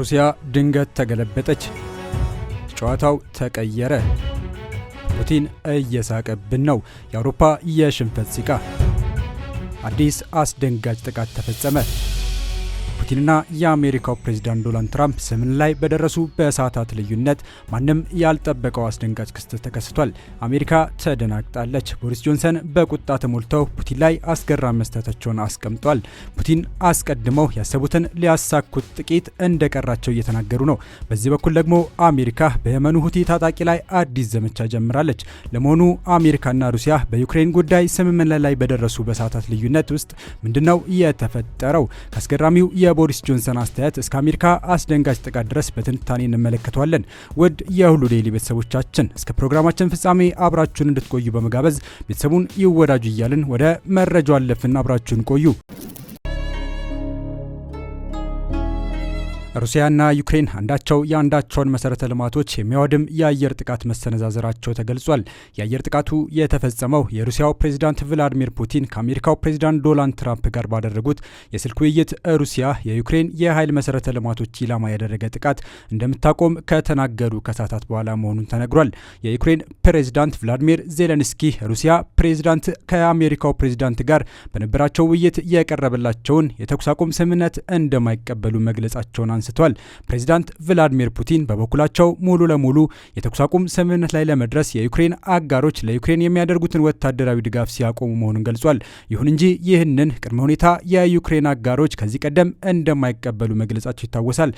ሩሲያ ድንገት ተገለበጠች። ጨዋታው ተቀየረ። ፑቲን እየሳቀብን ነው። የአውሮፓ የሽንፈት ሲቃ። አዲስ አስደንጋጭ ጥቃት ተፈጸመ። ፑቲንና የአሜሪካው ፕሬዚዳንት ዶናልድ ትራምፕ ስምን ላይ በደረሱ በሰዓታት ልዩነት ማንም ያልጠበቀው አስደንጋጭ ክስተት ተከስቷል። አሜሪካ ተደናግጣለች። ቦሪስ ጆንሰን በቁጣ ተሞልተው ፑቲን ላይ አስገራሚ መስጠታቸውን አስቀምጧል። ፑቲን አስቀድመው ያሰቡትን ሊያሳኩት ጥቂት እንደቀራቸው እየተናገሩ ነው። በዚህ በኩል ደግሞ አሜሪካ በየመኑ ሁቲ ታጣቂ ላይ አዲስ ዘመቻ ጀምራለች። ለመሆኑ አሜሪካና ሩሲያ በዩክሬን ጉዳይ ስምምነት ላይ በደረሱ በሰዓታት ልዩነት ውስጥ ምንድነው የተፈጠረው? ከአስገራሚው የ ቦሪስ ጆንሰን አስተያየት እስከ አሜሪካ አስደንጋጭ ጥቃት ድረስ በትንታኔ እንመለከተዋለን። ውድ የሁሉ ዴይሊ ቤተሰቦቻችን እስከ ፕሮግራማችን ፍጻሜ አብራችሁን እንድትቆዩ በመጋበዝ ቤተሰቡን ይወዳጁ እያልን ወደ መረጃው አለፍን። አብራችሁን ቆዩ። ሩሲያና ዩክሬን አንዳቸው የአንዳቸውን መሰረተ ልማቶች የሚያወድም የአየር ጥቃት መሰነዛዘራቸው ተገልጿል። የአየር ጥቃቱ የተፈጸመው የሩሲያው ፕሬዚዳንት ቭላዲሚር ፑቲን ከአሜሪካው ፕሬዚዳንት ዶናልድ ትራምፕ ጋር ባደረጉት የስልክ ውይይት ሩሲያ የዩክሬን የኃይል መሰረተ ልማቶች ኢላማ ያደረገ ጥቃት እንደምታቆም ከተናገሩ ከሰዓታት በኋላ መሆኑን ተነግሯል። የዩክሬን ፕሬዚዳንት ቭላዲሚር ዜሌንስኪ ሩሲያ ፕሬዚዳንት ከአሜሪካው ፕሬዚዳንት ጋር በነበራቸው ውይይት የቀረበላቸውን የተኩስ አቁም ስምምነት እንደማይቀበሉ መግለጻቸውን አንስቷል። ፕሬዚዳንት ቭላዲሚር ፑቲን በበኩላቸው ሙሉ ለሙሉ የተኩስ አቁም ስምምነት ላይ ለመድረስ የዩክሬን አጋሮች ለዩክሬን የሚያደርጉትን ወታደራዊ ድጋፍ ሲያቆሙ መሆኑን ገልጿል። ይሁን እንጂ ይህንን ቅድመ ሁኔታ የዩክሬን አጋሮች ከዚህ ቀደም እንደማይቀበሉ መግለጻቸው ይታወሳል።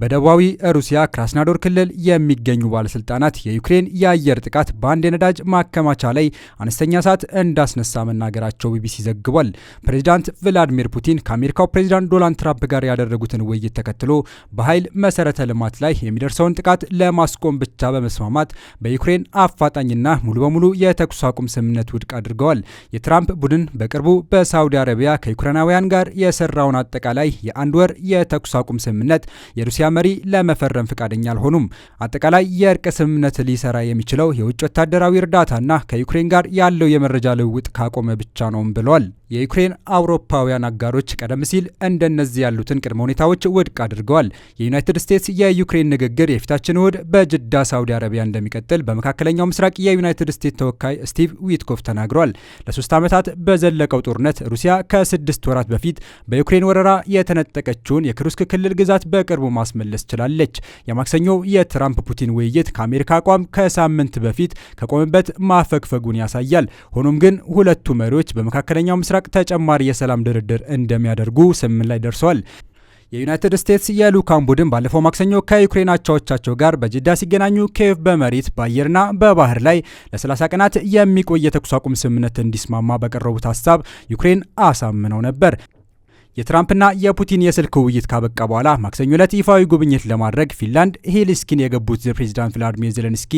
በደቡባዊ ሩሲያ ክራስናዶር ክልል የሚገኙ ባለስልጣናት የዩክሬን የአየር ጥቃት በአንድ የነዳጅ ማከማቻ ላይ አነስተኛ እሳት እንዳስነሳ መናገራቸው ቢቢሲ ዘግቧል። ፕሬዚዳንት ቭላዲሚር ፑቲን ከአሜሪካው ፕሬዚዳንት ዶናልድ ትራምፕ ጋር ያደረጉትን ውይይት ተከትሎ በኃይል መሰረተ ልማት ላይ የሚደርሰውን ጥቃት ለማስቆም ብቻ በመስማማት በዩክሬን አፋጣኝና ሙሉ በሙሉ የተኩስ አቁም ስምምነት ውድቅ አድርገዋል። የትራምፕ ቡድን በቅርቡ በሳውዲ አረቢያ ከዩክሬናውያን ጋር የሰራውን አጠቃላይ የአንድ ወር የተኩስ አቁም ስምምነት የሩሲያ መሪ ለመፈረም ፈቃደኛ አልሆኑም። አጠቃላይ የእርቅ ስምምነት ሊሰራ የሚችለው የውጭ ወታደራዊ እርዳታና ከዩክሬን ጋር ያለው የመረጃ ልውውጥ ካቆመ ብቻ ነውም ብለዋል። የዩክሬን አውሮፓውያን አጋሮች ቀደም ሲል እንደነዚህ ያሉትን ቅድመ ሁኔታዎች ውድቅ አድርገዋል። የዩናይትድ ስቴትስ የዩክሬን ንግግር የፊታችን እሁድ በጅዳ ሳውዲ አረቢያ እንደሚቀጥል በመካከለኛው ምስራቅ የዩናይትድ ስቴትስ ተወካይ ስቲቭ ዊትኮፍ ተናግሯል። ለሶስት ዓመታት በዘለቀው ጦርነት ሩሲያ ከስድስት ወራት በፊት በዩክሬን ወረራ የተነጠቀችውን የክሩስክ ክልል ግዛት በቅርቡ ማስመ ማስመለስ ችላለች። የማክሰኞው የትራምፕ ፑቲን ውይይት ከአሜሪካ አቋም ከሳምንት በፊት ከቆመበት ማፈግፈጉን ያሳያል። ሆኖም ግን ሁለቱ መሪዎች በመካከለኛው ምስራቅ ተጨማሪ የሰላም ድርድር እንደሚያደርጉ ስምምነት ላይ ደርሰዋል። የዩናይትድ ስቴትስ የልዑካን ቡድን ባለፈው ማክሰኞ ከዩክሬን አቻዎቻቸው ጋር በጅዳ ሲገናኙ ኬቭ በመሬት በአየርና በባህር ላይ ለ30 ቀናት የሚቆይ የተኩስ አቁም ስምምነት እንዲስማማ በቀረቡት ሀሳብ ዩክሬን አሳምነው ነበር። የትራምፕና የፑቲን የስልክ ውይይት ካበቃ በኋላ ማክሰኞ ዕለት ይፋዊ ጉብኝት ለማድረግ ፊንላንድ ሄልሲንኪን የገቡት ፕሬዚዳንት ቭላዲሚር ዜሌንስኪ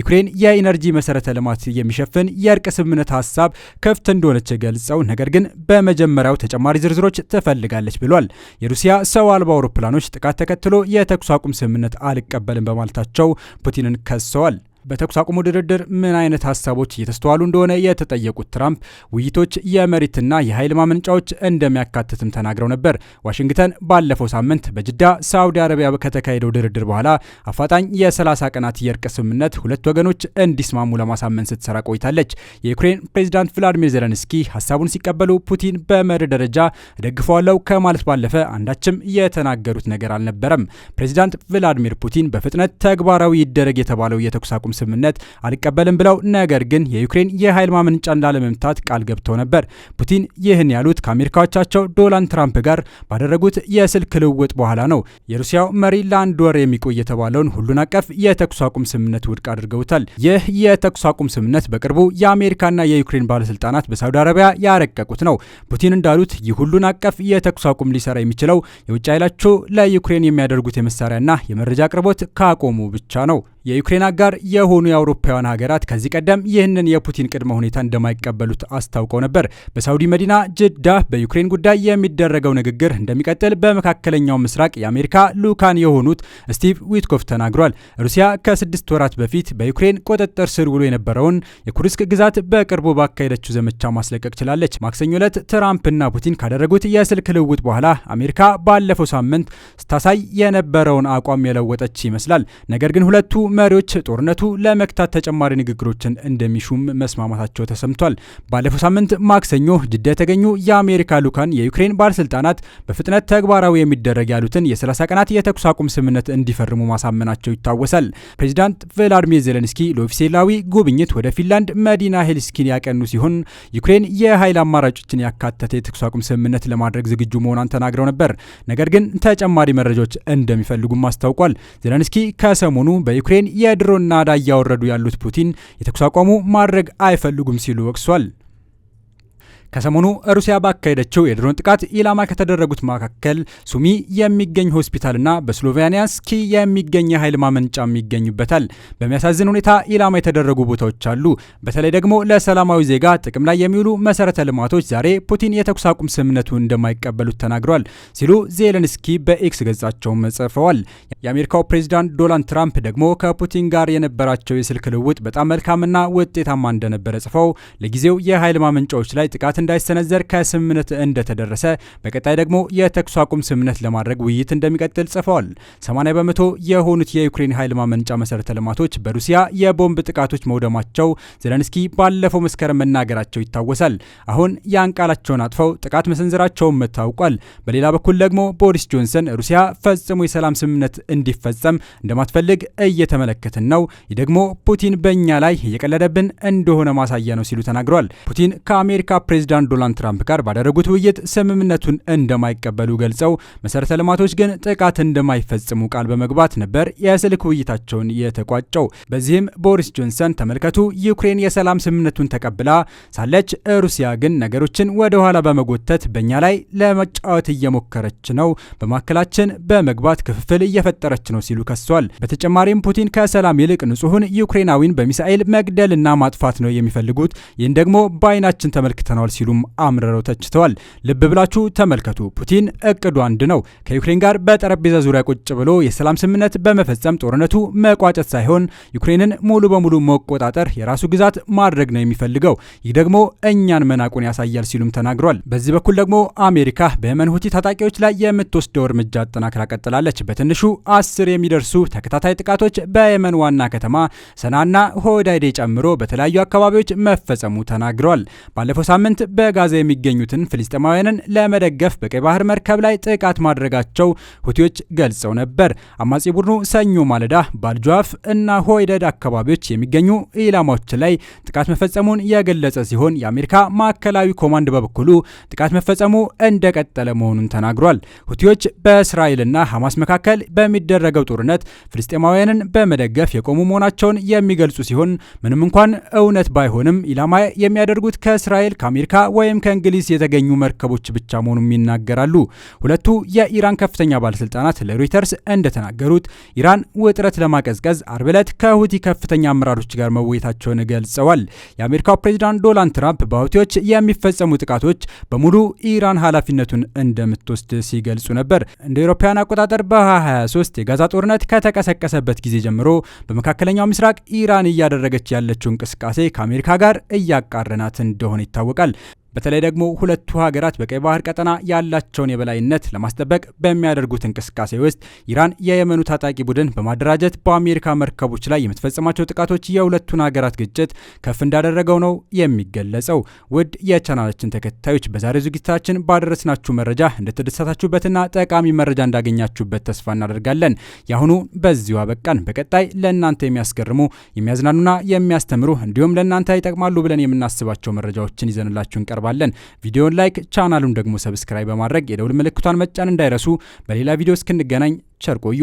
ዩክሬን የኢነርጂ መሰረተ ልማት የሚሸፍን የእርቅ ስምምነት ሀሳብ ክፍት እንደሆነች ገልጸው ነገር ግን በመጀመሪያው ተጨማሪ ዝርዝሮች ትፈልጋለች ብሏል። የሩሲያ ሰው አልባ አውሮፕላኖች ጥቃት ተከትሎ የተኩስ አቁም ስምምነት አልቀበልም በማለታቸው ፑቲንን ከሰዋል። በተኩስ አቁሙ ድርድር ምን አይነት ሀሳቦች እየተስተዋሉ እንደሆነ የተጠየቁት ትራምፕ ውይይቶች የመሬትና የኃይል ማመንጫዎች እንደሚያካትትም ተናግረው ነበር። ዋሽንግተን ባለፈው ሳምንት በጅዳ ሳዑዲ አረቢያ ከተካሄደው ድርድር በኋላ አፋጣኝ የ30 ቀናት የእርቅ ስምምነት ሁለት ወገኖች እንዲስማሙ ለማሳመን ስትሰራ ቆይታለች። የዩክሬን ፕሬዚዳንት ቭላዲሚር ዜለንስኪ ሀሳቡን ሲቀበሉ ፑቲን በመሪ ደረጃ እደግፈዋለሁ ከማለት ባለፈ አንዳችም የተናገሩት ነገር አልነበረም። ፕሬዚዳንት ቭላዲሚር ፑቲን በፍጥነት ተግባራዊ ይደረግ የተባለው የተኩስ አቁም የሰላም ስምምነት አልቀበልም ብለው ነገር ግን የዩክሬን የኃይል ማመንጫ ላለመምታት ቃል ገብተው ነበር። ፑቲን ይህን ያሉት ከአሜሪካዎቻቸው ዶናልድ ትራምፕ ጋር ባደረጉት የስልክ ልውውጥ በኋላ ነው። የሩሲያው መሪ ለአንድ ወር የሚቆይ የተባለውን ሁሉን አቀፍ የተኩስ አቁም ስምምነት ውድቅ አድርገውታል። ይህ የተኩስ አቁም ስምምነት በቅርቡ የአሜሪካና የዩክሬን ባለስልጣናት በሳውዲ አረቢያ ያረቀቁት ነው። ፑቲን እንዳሉት ይህ ሁሉን አቀፍ የተኩስ አቁም ሊሰራ የሚችለው የውጭ ኃይላቸው ለዩክሬን የሚያደርጉት የመሳሪያና የመረጃ አቅርቦት ካቆሙ ብቻ ነው። የዩክሬን አጋር የሆኑ የአውሮፓውያን ሀገራት ከዚህ ቀደም ይህንን የፑቲን ቅድመ ሁኔታ እንደማይቀበሉት አስታውቀው ነበር። በሳውዲ መዲና ጅዳ በዩክሬን ጉዳይ የሚደረገው ንግግር እንደሚቀጥል በመካከለኛው ምስራቅ የአሜሪካ ልዑካን የሆኑት ስቲቭ ዊትኮፍ ተናግሯል። ሩሲያ ከስድስት ወራት በፊት በዩክሬን ቁጥጥር ስር ውሎ የነበረውን የኩርስክ ግዛት በቅርቡ ባካሄደችው ዘመቻ ማስለቀቅ ችላለች። ማክሰኞ ዕለት ትራምፕና ፑቲን ካደረጉት የስልክ ልውውጥ በኋላ አሜሪካ ባለፈው ሳምንት ስታሳይ የነበረውን አቋም የለወጠች ይመስላል። ነገር ግን ሁለቱ መሪዎች ጦርነቱ ለመክታት ተጨማሪ ንግግሮችን እንደሚሹም መስማማታቸው ተሰምቷል። ባለፈው ሳምንት ማክሰኞ ጅዳ የተገኙ የአሜሪካ ሉካን የዩክሬን ባለስልጣናት በፍጥነት ተግባራዊ የሚደረግ ያሉትን የ30 ቀናት የተኩስ አቁም ስምምነት እንዲፈርሙ ማሳመናቸው ይታወሳል። ፕሬዚዳንት ቭላዲሚር ዜሌንስኪ ለኦፊሴላዊ ጉብኝት ወደ ፊንላንድ መዲና ሄልስኪን ያቀኑ ሲሆን ዩክሬን የኃይል አማራጮችን ያካተተ የተኩስ አቁም ስምምነት ለማድረግ ዝግጁ መሆኗን ተናግረው ነበር። ነገር ግን ተጨማሪ መረጃዎች እንደሚፈልጉም አስታውቋል። ዜሌንስኪ ከሰሞኑ በዩክሬን ዩክሬን የድሮን ናዳ እያወረዱ ያሉት ፑቲን የተኩስ አቋሙ ማድረግ አይፈልጉም ሲሉ ወቅሷል። ከሰሞኑ ሩሲያ ባካሄደችው የድሮን ጥቃት ኢላማ ከተደረጉት መካከል ሱሚ የሚገኝ ሆስፒታልና በስሎቬኒያስኪ የሚገኝ የኃይል ማመንጫም ይገኙበታል። በሚያሳዝን ሁኔታ ኢላማ የተደረጉ ቦታዎች አሉ። በተለይ ደግሞ ለሰላማዊ ዜጋ ጥቅም ላይ የሚውሉ መሰረተ ልማቶች ዛሬ ፑቲን የተኩስ አቁም ስምምነቱ እንደማይቀበሉት ተናግሯል ሲሉ ዜሌንስኪ በኤክስ ገጻቸው ጽፈዋል። የአሜሪካው ፕሬዚዳንት ዶናልድ ትራምፕ ደግሞ ከፑቲን ጋር የነበራቸው የስልክ ልውውጥ በጣም መልካምና ውጤታማ እንደነበረ ጽፈው ለጊዜው የኃይል ማመንጫዎች ላይ ጥቃት እንዳይሰነዘር ከስምምነት እንደተደረሰ በቀጣይ ደግሞ የተኩስ አቁም ስምምነት ለማድረግ ውይይት እንደሚቀጥል ጽፈዋል። 80 በመቶ የሆኑት የዩክሬን ኃይል ማመንጫ መሰረተ ልማቶች በሩሲያ የቦምብ ጥቃቶች መውደማቸው ዘለንስኪ ባለፈው መስከረም መናገራቸው ይታወሳል። አሁን ያን ቃላቸውን አጥፈው ጥቃት መሰንዘራቸውን መታውቋል። በሌላ በኩል ደግሞ ቦሪስ ጆንሰን ሩሲያ ፈጽሞ የሰላም ስምምነት እንዲፈጸም እንደማትፈልግ እየተመለከትን ነው። ይህ ደግሞ ፑቲን በእኛ ላይ እየቀለደብን እንደሆነ ማሳያ ነው ሲሉ ተናግረዋል። ፑቲን ከአሜሪካ ፕሬዚደንት ከፕሬዚዳንት ዶናልድ ትራምፕ ጋር ባደረጉት ውይይት ስምምነቱን እንደማይቀበሉ ገልጸው መሰረተ ልማቶች ግን ጥቃት እንደማይፈጽሙ ቃል በመግባት ነበር የስልክ ውይይታቸውን የተቋጨው። በዚህም ቦሪስ ጆንሰን ተመልከቱ፣ ዩክሬን የሰላም ስምምነቱን ተቀብላ ሳለች ሩሲያ ግን ነገሮችን ወደ ኋላ በመጎተት በእኛ ላይ ለመጫወት እየሞከረች ነው፣ በማዕከላችን በመግባት ክፍፍል እየፈጠረች ነው ሲሉ ከሷል። በተጨማሪም ፑቲን ከሰላም ይልቅ ንጹሑን ዩክሬናዊን በሚሳኤል መግደልና ማጥፋት ነው የሚፈልጉት፣ ይህን ደግሞ በአይናችን ተመልክተናል ሲሉም አምርረው ተችተዋል። ልብ ብላችሁ ተመልከቱ። ፑቲን እቅዱ አንድ ነው። ከዩክሬን ጋር በጠረጴዛ ዙሪያ ቁጭ ብሎ የሰላም ስምምነት በመፈጸም ጦርነቱ መቋጨት ሳይሆን ዩክሬንን ሙሉ በሙሉ መቆጣጠር የራሱ ግዛት ማድረግ ነው የሚፈልገው። ይህ ደግሞ እኛን መናቁን ያሳያል ሲሉም ተናግሯል። በዚህ በኩል ደግሞ አሜሪካ በየመን ሁቲ ታጣቂዎች ላይ የምትወስደው እርምጃ አጠናክራ ቀጥላለች። በትንሹ አስር የሚደርሱ ተከታታይ ጥቃቶች በየመን ዋና ከተማ ሰናና ሆዳይዴ ጨምሮ በተለያዩ አካባቢዎች መፈጸሙ ተናግረዋል። ባለፈው ሳምንት በጋዛ የሚገኙትን ፍልስጤማውያንን ለመደገፍ በቀይ ባህር መርከብ ላይ ጥቃት ማድረጋቸው ሁቲዎች ገልጸው ነበር። አማጺ ቡድኑ ሰኞ ማለዳ ባልጇፍ እና ሆይደድ አካባቢዎች የሚገኙ ኢላማዎች ላይ ጥቃት መፈጸሙን የገለጸ ሲሆን የአሜሪካ ማዕከላዊ ኮማንድ በበኩሉ ጥቃት መፈጸሙ እንደቀጠለ መሆኑን ተናግሯል። ሁቲዎች በእስራኤልና ሐማስ መካከል በሚደረገው ጦርነት ፍልስጤማውያንን በመደገፍ የቆሙ መሆናቸውን የሚገልጹ ሲሆን ምንም እንኳን እውነት ባይሆንም ኢላማ የሚያደርጉት ከእስራኤል ከአሜሪካ ከአሜሪካ ወይም ከእንግሊዝ የተገኙ መርከቦች ብቻ መሆኑም ይናገራሉ። ሁለቱ የኢራን ከፍተኛ ባለስልጣናት ለሮይተርስ እንደተናገሩት ኢራን ውጥረት ለማቀዝቀዝ አርብ ዕለት ከሁቲ ከፍተኛ አመራሮች ጋር መወየታቸውን ገልጸዋል። የአሜሪካው ፕሬዚዳንት ዶናልድ ትራምፕ በሁቲዎች የሚፈጸሙ ጥቃቶች በሙሉ ኢራን ኃላፊነቱን እንደምትወስድ ሲገልጹ ነበር። እንደ አውሮፓውያን አቆጣጠር በ2023 የጋዛ ጦርነት ከተቀሰቀሰበት ጊዜ ጀምሮ በመካከለኛው ምስራቅ ኢራን እያደረገች ያለችው እንቅስቃሴ ከአሜሪካ ጋር እያቃረናት እንደሆነ ይታወቃል። በተለይ ደግሞ ሁለቱ ሀገራት በቀይ ባህር ቀጠና ያላቸውን የበላይነት ለማስጠበቅ በሚያደርጉት እንቅስቃሴ ውስጥ ኢራን የየመኑ ታጣቂ ቡድን በማደራጀት በአሜሪካ መርከቦች ላይ የምትፈጽማቸው ጥቃቶች የሁለቱን ሀገራት ግጭት ከፍ እንዳደረገው ነው የሚገለጸው። ውድ የቻናላችን ተከታዮች በዛሬ ዝግጅታችን ባደረስናችሁ መረጃ እንደተደሰታችሁበትና ጠቃሚ መረጃ እንዳገኛችሁበት ተስፋ እናደርጋለን። የአሁኑ በዚሁ አበቃን። በቀጣይ ለእናንተ የሚያስገርሙ የሚያዝናኑና የሚያስተምሩ እንዲሁም ለእናንተ ይጠቅማሉ ብለን የምናስባቸው መረጃዎችን ይዘንላችሁ እንቀርባል። እናቀርባለን። ቪዲዮን ላይክ፣ ቻናሉን ደግሞ ሰብስክራይብ በማድረግ የደውል ምልክቷን መጫን እንዳይረሱ። በሌላ ቪዲዮ እስክንገናኝ ቸር ቆዩ።